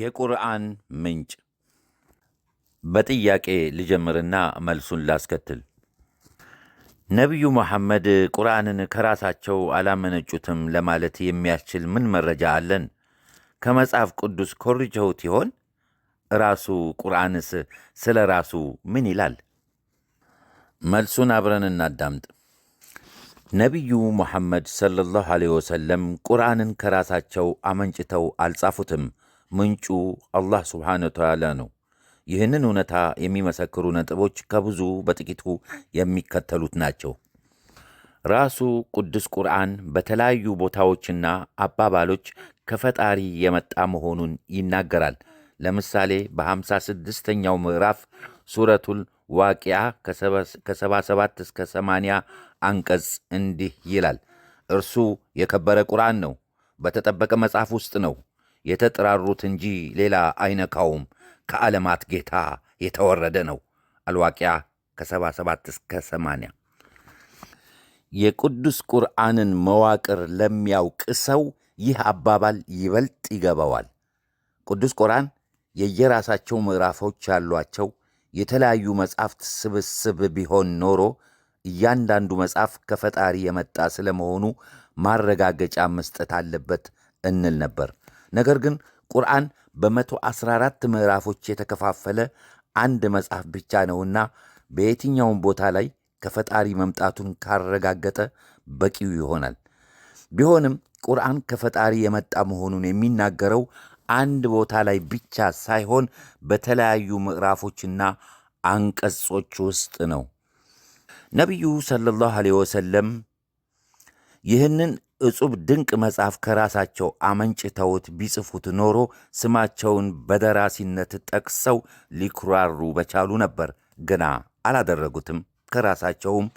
የቁርአን ምንጭ በጥያቄ ልጀምርና መልሱን ላስከትል። ነቢዩ መሐመድ ቁርአንን ከራሳቸው አላመነጩትም ለማለት የሚያስችል ምን መረጃ አለን? ከመጽሐፍ ቅዱስ ኮርጀውት ይሆን? ራሱ ቁርአንስ ስለ ራሱ ምን ይላል? መልሱን አብረን እናዳምጥ። ነቢዩ ሙሐመድ ሰለላሁ ዐለይሂ ወሰለም ቁርአንን ከራሳቸው አመንጭተው አልጻፉትም። ምንጩ አላህ ስብሓነ ወተዓላ ነው። ይህንን እውነታ የሚመሰክሩ ነጥቦች ከብዙ በጥቂቱ የሚከተሉት ናቸው። ራሱ ቅዱስ ቁርአን በተለያዩ ቦታዎችና አባባሎች ከፈጣሪ የመጣ መሆኑን ይናገራል። ለምሳሌ በሃምሳ ስድስተኛው ምዕራፍ ሱረቱል ዋቂያ ከ77 እስከ 80 አንቀጽ እንዲህ ይላል። እርሱ የከበረ ቁርአን ነው፣ በተጠበቀ መጽሐፍ ውስጥ ነው። የተጠራሩት እንጂ ሌላ አይነካውም። ከዓለማት ጌታ የተወረደ ነው። አልዋቂያ ከ77 እስከ 80 የቅዱስ ቁርአንን መዋቅር ለሚያውቅ ሰው ይህ አባባል ይበልጥ ይገባዋል። ቅዱስ ቁርአን የየራሳቸው ምዕራፎች ያሏቸው የተለያዩ መጻሕፍት ስብስብ ቢሆን ኖሮ እያንዳንዱ መጽሐፍ ከፈጣሪ የመጣ ስለመሆኑ ማረጋገጫ መስጠት አለበት እንል ነበር። ነገር ግን ቁርአን በ114 ምዕራፎች የተከፋፈለ አንድ መጽሐፍ ብቻ ነውና በየትኛውም ቦታ ላይ ከፈጣሪ መምጣቱን ካረጋገጠ በቂው ይሆናል። ቢሆንም ቁርአን ከፈጣሪ የመጣ መሆኑን የሚናገረው አንድ ቦታ ላይ ብቻ ሳይሆን በተለያዩ ምዕራፎችና አንቀጾች ውስጥ ነው። ነቢዩ ሰለላሁ ዐለይሂ ወሰለም ይህንን እጹብ ድንቅ መጽሐፍ ከራሳቸው አመንጭተውት ቢጽፉት ኖሮ ስማቸውን በደራሲነት ጠቅሰው ሊኩራሩ በቻሉ ነበር። ግና አላደረጉትም፣ ከራሳቸውም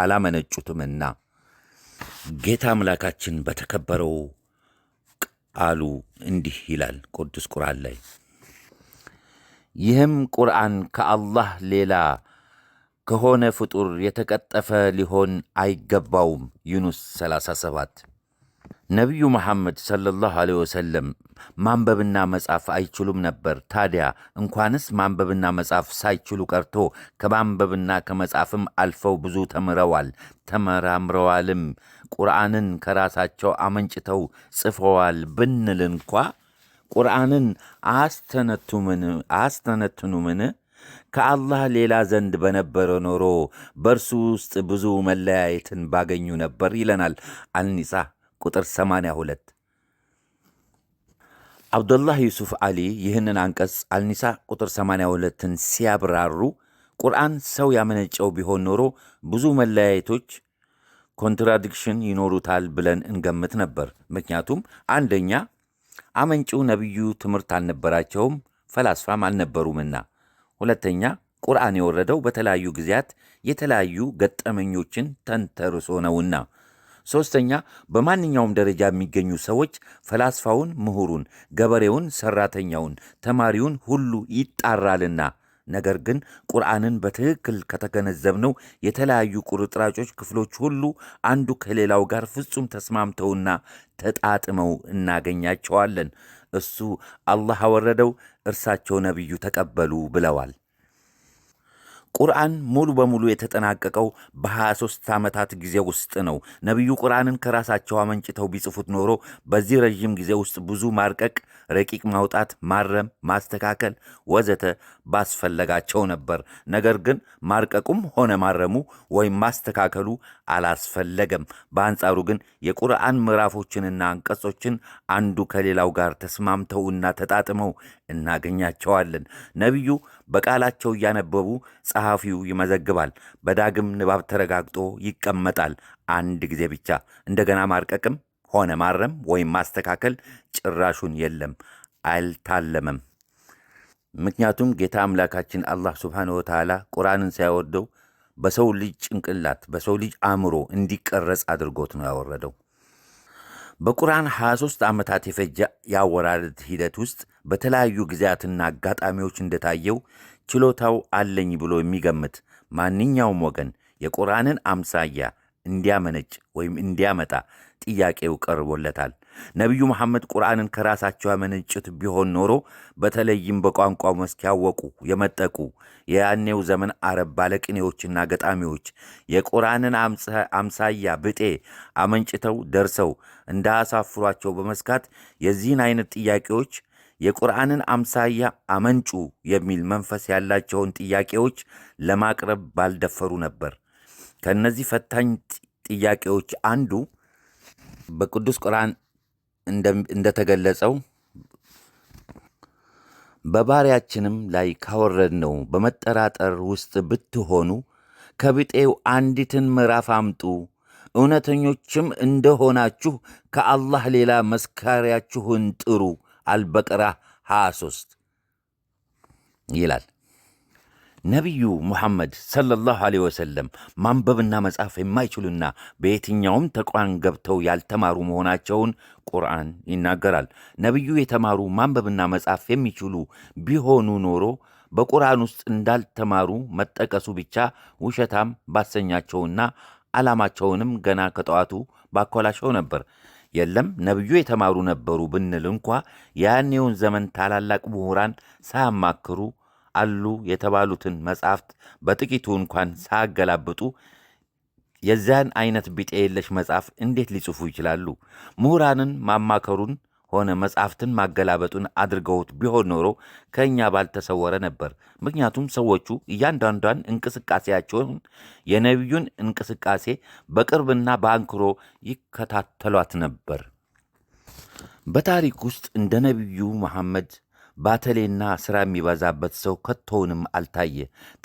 አላመነጩትምና። ጌታ አምላካችን በተከበረው ቃሉ እንዲህ ይላል ቅዱስ ቁርአን ላይ ይህም ቁርአን ከአላህ ሌላ ከሆነ ፍጡር የተቀጠፈ ሊሆን አይገባውም። ዩኑስ 37 ነቢዩ መሐመድ ሰለላሁ ዐለይሂ ወሰለም ማንበብና መጻፍ አይችሉም ነበር። ታዲያ እንኳንስ ማንበብና መጻፍ ሳይችሉ ቀርቶ ከማንበብና ከመጻፍም አልፈው ብዙ ተምረዋል፣ ተመራምረዋልም። ቁርአንን ከራሳቸው አመንጭተው ጽፈዋል ብንል እንኳ ቁርአንን አስተነትኑምን? ከአላህ ሌላ ዘንድ በነበረ ኖሮ በእርሱ ውስጥ ብዙ መለያየትን ባገኙ ነበር ይለናል አልኒሳ ቁጥር 82። አብዱላህ ዩሱፍ አሊ ይህንን አንቀጽ አልኒሳ ቁጥር 82ን ሲያብራሩ ቁርአን ሰው ያመነጨው ቢሆን ኖሮ ብዙ መለያየቶች ኮንትራዲክሽን ይኖሩታል ብለን እንገምት ነበር። ምክንያቱም አንደኛ አመንጪው ነቢዩ ትምህርት አልነበራቸውም፣ ፈላስፋም አልነበሩምና ሁለተኛ ቁርአን የወረደው በተለያዩ ጊዜያት የተለያዩ ገጠመኞችን ተንተርሶ ነውና። ሦስተኛ በማንኛውም ደረጃ የሚገኙ ሰዎች ፈላስፋውን፣ ምሁሩን፣ ገበሬውን፣ ሠራተኛውን፣ ተማሪውን ሁሉ ይጣራልና። ነገር ግን ቁርአንን በትክክል ከተገነዘብነው የተለያዩ ቁርጥራጮች ክፍሎች ሁሉ አንዱ ከሌላው ጋር ፍጹም ተስማምተውና ተጣጥመው እናገኛቸዋለን። እሱ አላህ አወረደው፣ እርሳቸው ነቢዩ ተቀበሉ ብለዋል። ቁርአን ሙሉ በሙሉ የተጠናቀቀው በ23 ዓመታት ጊዜ ውስጥ ነው። ነቢዩ ቁርአንን ከራሳቸው አመንጭተው ቢጽፉት ኖሮ በዚህ ረዥም ጊዜ ውስጥ ብዙ ማርቀቅ፣ ረቂቅ ማውጣት፣ ማረም፣ ማስተካከል ወዘተ ባስፈለጋቸው ነበር። ነገር ግን ማርቀቁም ሆነ ማረሙ ወይም ማስተካከሉ አላስፈለገም። በአንጻሩ ግን የቁርአን ምዕራፎችንና አንቀጾችን አንዱ ከሌላው ጋር ተስማምተውና ተጣጥመው እናገኛቸዋለን። ነቢዩ በቃላቸው እያነበቡ ጸሐፊው ይመዘግባል። በዳግም ንባብ ተረጋግጦ ይቀመጣል። አንድ ጊዜ ብቻ። እንደገና ማርቀቅም ሆነ ማረም ወይም ማስተካከል ጭራሹን የለም። አልታለመም። ምክንያቱም ጌታ አምላካችን አላህ ሱብሓነሁ ወተዓላ ቁርአንን ሳያወደው በሰው ልጅ ጭንቅላት በሰው ልጅ አእምሮ እንዲቀረጽ አድርጎት ነው ያወረደው። በቁርአን 23 ዓመታት የፈጀ የአወራረድ ሂደት ውስጥ በተለያዩ ጊዜያትና አጋጣሚዎች እንደታየው ችሎታው አለኝ ብሎ የሚገምት ማንኛውም ወገን የቁርአንን አምሳያ እንዲያመነጭ ወይም እንዲያመጣ ጥያቄው ቀርቦለታል። ነቢዩ መሐመድ ቁርአንን ከራሳቸው ያመነጩት ቢሆን ኖሮ በተለይም በቋንቋው መስክ ያወቁ የመጠቁ የያኔው ዘመን አረብ ባለቅኔዎችና ገጣሚዎች የቁርአንን አምሳያ ብጤ አመንጭተው ደርሰው እንዳያሳፍሯቸው በመስጋት የዚህን አይነት ጥያቄዎች የቁርአንን አምሳያ አመንጩ የሚል መንፈስ ያላቸውን ጥያቄዎች ለማቅረብ ባልደፈሩ ነበር። ከእነዚህ ፈታኝ ጥያቄዎች አንዱ በቅዱስ ቁርአን እንደተገለጸው በባሪያችንም ላይ ካወረድነው በመጠራጠር ውስጥ ብትሆኑ ከብጤው አንዲትን ምዕራፍ አምጡ፣ እውነተኞችም እንደሆናችሁ ከአላህ ሌላ መስካሪያችሁን ጥሩ። አልበቀራ 23 ይላል። ነቢዩ ሙሐመድ ሰለላሁ ዐለይሂ ወሰለም ማንበብና መጻፍ የማይችሉና በየትኛውም ተቋም ገብተው ያልተማሩ መሆናቸውን ቁርአን ይናገራል። ነቢዩ የተማሩ ማንበብና መጻፍ የሚችሉ ቢሆኑ ኖሮ በቁርአን ውስጥ እንዳልተማሩ መጠቀሱ ብቻ ውሸታም ባሰኛቸውና ዓላማቸውንም ገና ከጠዋቱ ባኮላሸው ነበር። የለም ነቢዩ የተማሩ ነበሩ ብንል እንኳ የያኔውን ዘመን ታላላቅ ምሁራን ሳያማክሩ አሉ የተባሉትን መጻሕፍት በጥቂቱ እንኳን ሳያገላብጡ የዚያን አይነት ቢጤ የለሽ መጽሐፍ እንዴት ሊጽፉ ይችላሉ? ምሁራንን ማማከሩን ሆነ መጽሐፍትን ማገላበጡን አድርገውት ቢሆን ኖሮ ከእኛ ባልተሰወረ ነበር። ምክንያቱም ሰዎቹ እያንዳንዷን እንቅስቃሴያቸውን የነቢዩን እንቅስቃሴ በቅርብና በአንክሮ ይከታተሏት ነበር። በታሪክ ውስጥ እንደ ነቢዩ መሐመድ ባተሌና ሥራ የሚበዛበት ሰው ከቶውንም አልታየ።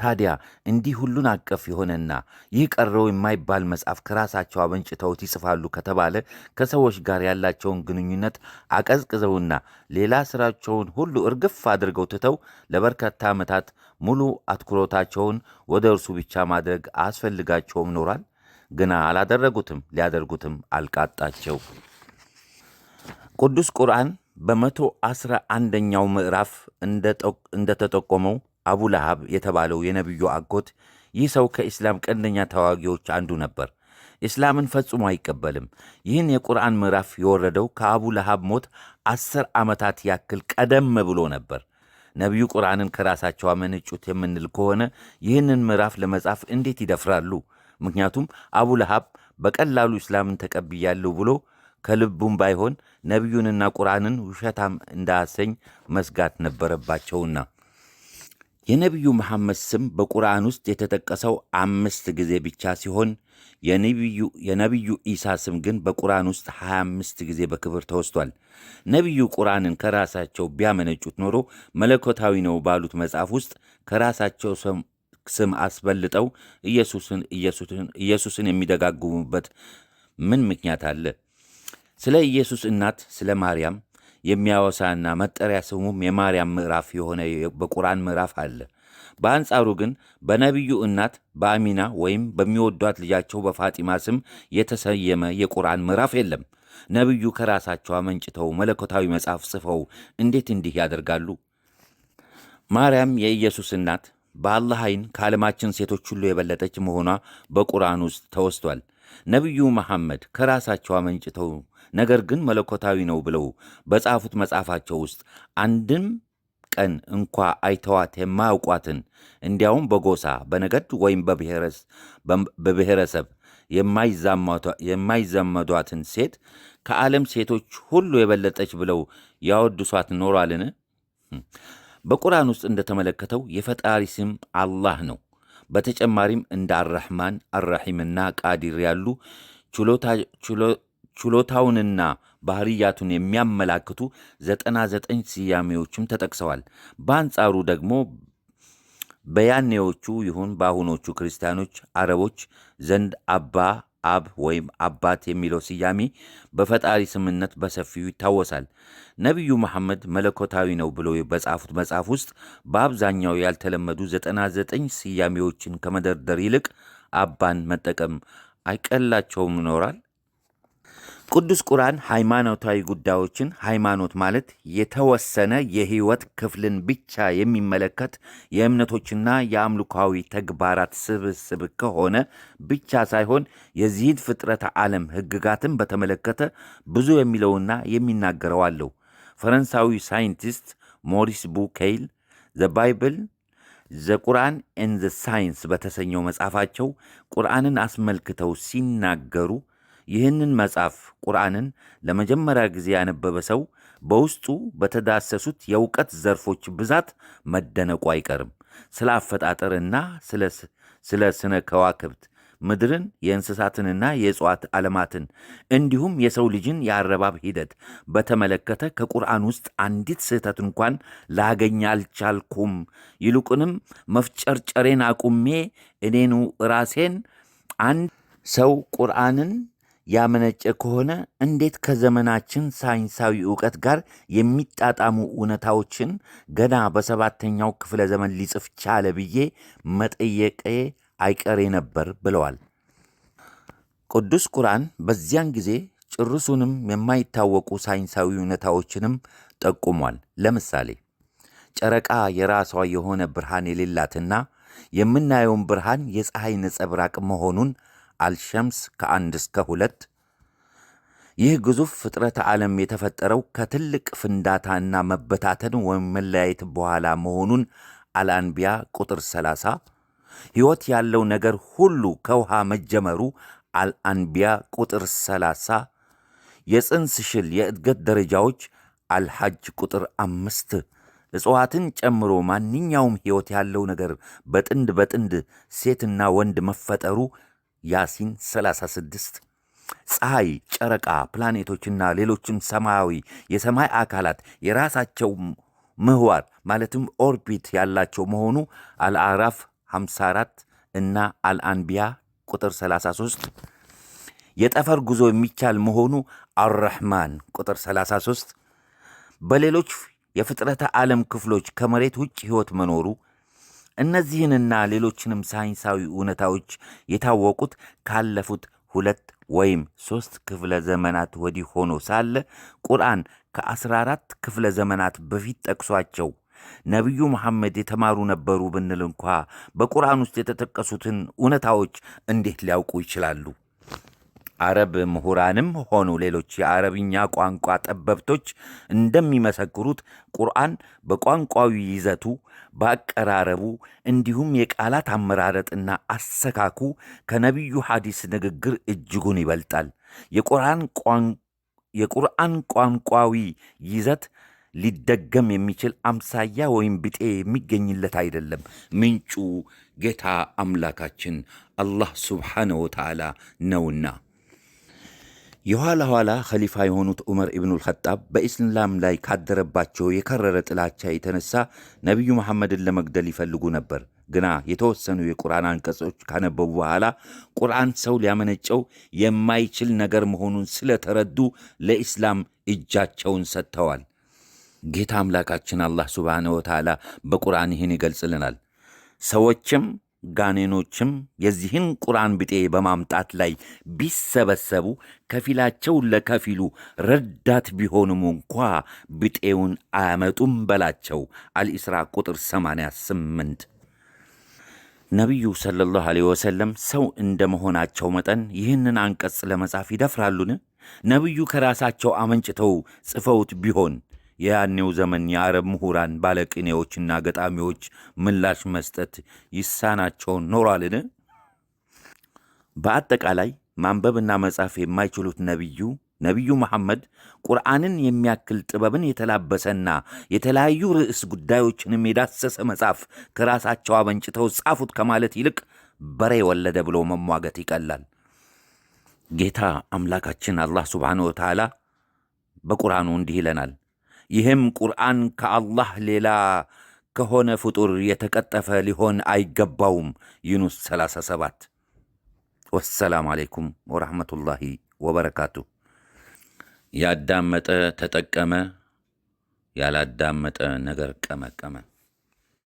ታዲያ እንዲህ ሁሉን አቀፍ የሆነና ይህ ቀረው የማይባል መጽሐፍ ከራሳቸው አበንጭተውት ይጽፋሉ ከተባለ ከሰዎች ጋር ያላቸውን ግንኙነት አቀዝቅዘውና ሌላ ሥራቸውን ሁሉ እርግፍ አድርገው ትተው ለበርካታ ዓመታት ሙሉ አትኩሮታቸውን ወደ እርሱ ብቻ ማድረግ አስፈልጋቸውም ኖሯል። ግና አላደረጉትም፣ ሊያደርጉትም አልቃጣቸው። ቅዱስ ቁርአን በመቶ አስራ አንደኛው ምዕራፍ እንደተጠቆመው አቡ ለሃብ የተባለው የነቢዩ አጎት ይህ ሰው ከኢስላም ቀንደኛ ተዋጊዎች አንዱ ነበር። ኢስላምን ፈጽሞ አይቀበልም። ይህን የቁርአን ምዕራፍ የወረደው ከአቡ ለሃብ ሞት አስር ዓመታት ያክል ቀደም ብሎ ነበር። ነቢዩ ቁርአንን ከራሳቸው አመነጩት የምንል ከሆነ ይህንን ምዕራፍ ለመጻፍ እንዴት ይደፍራሉ? ምክንያቱም አቡ ለሃብ በቀላሉ ኢስላምን ተቀብያለሁ ብሎ ከልቡም ባይሆን ነቢዩንና ቁርአንን ውሸታም እንዳያሰኝ መስጋት ነበረባቸውና። የነቢዩ መሐመድ ስም በቁርአን ውስጥ የተጠቀሰው አምስት ጊዜ ብቻ ሲሆን የነቢዩ ኢሳ ስም ግን በቁርአን ውስጥ 25 ጊዜ በክብር ተወስቷል። ነቢዩ ቁርአንን ከራሳቸው ቢያመነጩት ኖሮ መለኮታዊ ነው ባሉት መጽሐፍ ውስጥ ከራሳቸው ስም አስበልጠው ኢየሱስን የሚደጋግሙበት ምን ምክንያት አለ? ስለ ኢየሱስ እናት ስለ ማርያም የሚያወሳና መጠሪያ ስሙም የማርያም ምዕራፍ የሆነ በቁርአን ምዕራፍ አለ። በአንጻሩ ግን በነቢዩ እናት በአሚና ወይም በሚወዷት ልጃቸው በፋጢማ ስም የተሰየመ የቁርአን ምዕራፍ የለም። ነቢዩ ከራሳቸው አመንጭተው መለኮታዊ መጽሐፍ ጽፈው እንዴት እንዲህ ያደርጋሉ? ማርያም የኢየሱስ እናት በአላህ ዓይን ከዓለማችን ሴቶች ሁሉ የበለጠች መሆኗ በቁርአን ውስጥ ተወስቷል። ነቢዩ መሐመድ ከራሳቸው አመንጭተው ነገር ግን መለኮታዊ ነው ብለው በጻፉት መጽሐፋቸው ውስጥ አንድም ቀን እንኳ አይተዋት የማያውቋትን እንዲያውም በጎሳ በነገድ ወይም በብሔረሰብ የማይዘመዷትን ሴት ከዓለም ሴቶች ሁሉ የበለጠች ብለው ያወድሷት ኖሯልን? በቁርአን ውስጥ እንደተመለከተው የፈጣሪ ስም አላህ ነው። በተጨማሪም እንደ አራህማን አረሒምና ቃዲር ያሉ ችሎታውንና ባህርያቱን የሚያመላክቱ ዘጠና ዘጠኝ ስያሜዎችም ተጠቅሰዋል። በአንጻሩ ደግሞ በያኔዎቹ ይሁን በአሁኖቹ ክርስቲያኖች፣ አረቦች ዘንድ አባ አብ ወይም አባት የሚለው ስያሜ በፈጣሪ ስምነት በሰፊው ይታወሳል። ነቢዩ መሐመድ መለኮታዊ ነው ብለው በጻፉት መጽሐፍ ውስጥ በአብዛኛው ያልተለመዱ 99 ስያሜዎችን ከመደርደር ይልቅ አባን መጠቀም አይቀላቸውም ይኖራል? ቅዱስ ቁርአን ሃይማኖታዊ ጉዳዮችን ሃይማኖት ማለት የተወሰነ የህይወት ክፍልን ብቻ የሚመለከት የእምነቶችና የአምልኮዊ ተግባራት ስብስብ ከሆነ ብቻ ሳይሆን የዚህን ፍጥረተ ዓለም ህግጋትን በተመለከተ ብዙ የሚለውና የሚናገረው አለው። ፈረንሳዊ ሳይንቲስት ሞሪስ ቡኬይል ዘ ባይብል ዘ ቁርአን ኤን ዘ ሳይንስ በተሰኘው መጽሐፋቸው ቁርአንን አስመልክተው ሲናገሩ ይህንን መጽሐፍ ቁርአንን ለመጀመሪያ ጊዜ ያነበበ ሰው በውስጡ በተዳሰሱት የእውቀት ዘርፎች ብዛት መደነቁ አይቀርም። ስለ አፈጣጠርና ስለ ስነ ከዋክብት ምድርን፣ የእንስሳትንና የእጽዋት ዓለማትን እንዲሁም የሰው ልጅን የአረባብ ሂደት በተመለከተ ከቁርአን ውስጥ አንዲት ስህተት እንኳን ላገኝ አልቻልኩም። ይልቁንም መፍጨርጨሬን አቁሜ እኔኑ ራሴን አንድ ሰው ቁርአንን ያመነጨ ከሆነ እንዴት ከዘመናችን ሳይንሳዊ እውቀት ጋር የሚጣጣሙ እውነታዎችን ገና በሰባተኛው ክፍለ ዘመን ሊጽፍ ቻለ ብዬ መጠየቄ አይቀሬ ነበር ብለዋል። ቅዱስ ቁርአን በዚያን ጊዜ ጭርሱንም የማይታወቁ ሳይንሳዊ እውነታዎችንም ጠቁሟል። ለምሳሌ ጨረቃ የራሷ የሆነ ብርሃን የሌላትና የምናየውን ብርሃን የፀሐይ ነጸብራቅ መሆኑን አልሸምስ ከአንድ እስከ ሁለት ይህ ግዙፍ ፍጥረተ ዓለም የተፈጠረው ከትልቅ ፍንዳታና መበታተን ወይም መለያየት በኋላ መሆኑን አልአንቢያ ቁጥር 30 ሕይወት ያለው ነገር ሁሉ ከውሃ መጀመሩ አልአንቢያ ቁጥር 30 የጽንስ ሽል የእድገት ደረጃዎች አልሐጅ ቁጥር አምስት እጽዋትን ጨምሮ ማንኛውም ሕይወት ያለው ነገር በጥንድ በጥንድ ሴትና ወንድ መፈጠሩ ያሲን 36 ፀሐይ፣ ጨረቃ፣ ፕላኔቶችና ሌሎችም ሰማያዊ የሰማይ አካላት የራሳቸው ምህዋር ማለትም ኦርቢት ያላቸው መሆኑ አልአራፍ 54 እና አልአንቢያ ቁጥር 33 የጠፈር ጉዞ የሚቻል መሆኑ አልረሕማን ቁጥር 33 በሌሎች የፍጥረተ ዓለም ክፍሎች ከመሬት ውጭ ሕይወት መኖሩ እነዚህንና ሌሎችንም ሳይንሳዊ እውነታዎች የታወቁት ካለፉት ሁለት ወይም ሦስት ክፍለ ዘመናት ወዲህ ሆኖ ሳለ ቁርአን ከአስራ አራት ክፍለ ዘመናት በፊት ጠቅሷቸው ነቢዩ መሐመድ የተማሩ ነበሩ ብንል እንኳ በቁርአን ውስጥ የተጠቀሱትን እውነታዎች እንዴት ሊያውቁ ይችላሉ? አረብ ምሁራንም ሆኑ ሌሎች የአረብኛ ቋንቋ ጠበብቶች እንደሚመሰክሩት ቁርአን በቋንቋዊ ይዘቱ፣ በአቀራረቡ እንዲሁም የቃላት አመራረጥና አሰካኩ ከነቢዩ ሐዲስ ንግግር እጅጉን ይበልጣል። የቁርአን ቋንቋዊ ይዘት ሊደገም የሚችል አምሳያ ወይም ብጤ የሚገኝለት አይደለም። ምንጩ ጌታ አምላካችን አላህ ሱብሓነሁ ወተዓላ ነውና የኋላ ኋላ ኸሊፋ የሆኑት ዑመር ኢብኑል ኸጣብ በኢስላም ላይ ካደረባቸው የከረረ ጥላቻ የተነሳ ነቢዩ መሐመድን ለመግደል ይፈልጉ ነበር። ግና የተወሰኑ የቁርአን አንቀጾች ካነበቡ በኋላ ቁርአን ሰው ሊያመነጨው የማይችል ነገር መሆኑን ስለተረዱ ለኢስላም እጃቸውን ሰጥተዋል። ጌታ አምላካችን አላህ ሱብሓነሁ ወተዓላ በቁርአን ይህን ይገልጽልናል። ሰዎችም ጋኔኖችም የዚህን ቁርአን ብጤ በማምጣት ላይ ቢሰበሰቡ ከፊላቸው ለከፊሉ ረዳት ቢሆኑም እንኳ ብጤውን አያመጡም በላቸው። አልኢስራ ቁጥር 88 ነቢዩ ሰለላሁ ዐለይሂ ወሰለም ሰው እንደ መሆናቸው መጠን ይህንን አንቀጽ ለመጻፍ ይደፍራሉን? ነቢዩ ከራሳቸው አመንጭተው ጽፈውት ቢሆን የያኔው ዘመን የአረብ ምሁራን ባለቅኔዎችና ገጣሚዎች ምላሽ መስጠት ይሳናቸውን ኖሯልን? በአጠቃላይ ማንበብና መጻፍ የማይችሉት ነቢዩ ነቢዩ መሐመድ ቁርአንን የሚያክል ጥበብን የተላበሰና የተለያዩ ርዕስ ጉዳዮችንም የዳሰሰ መጽሐፍ ከራሳቸው አበንጭተው ጻፉት ከማለት ይልቅ በሬ ወለደ ብሎ መሟገት ይቀላል። ጌታ አምላካችን አላህ ስብሓነ ወተዓላ በቁርአኑ እንዲህ ይለናል ይህም ቁርአን ከአላህ ሌላ ከሆነ ፍጡር የተቀጠፈ ሊሆን አይገባውም። ዩኑስ 37 ወሰላም አሌይኩም ወረሕመቱላሂ ወበረካቱ። ያዳመጠ ተጠቀመ፣ ያላዳመጠ ነገር ቀመቀመ።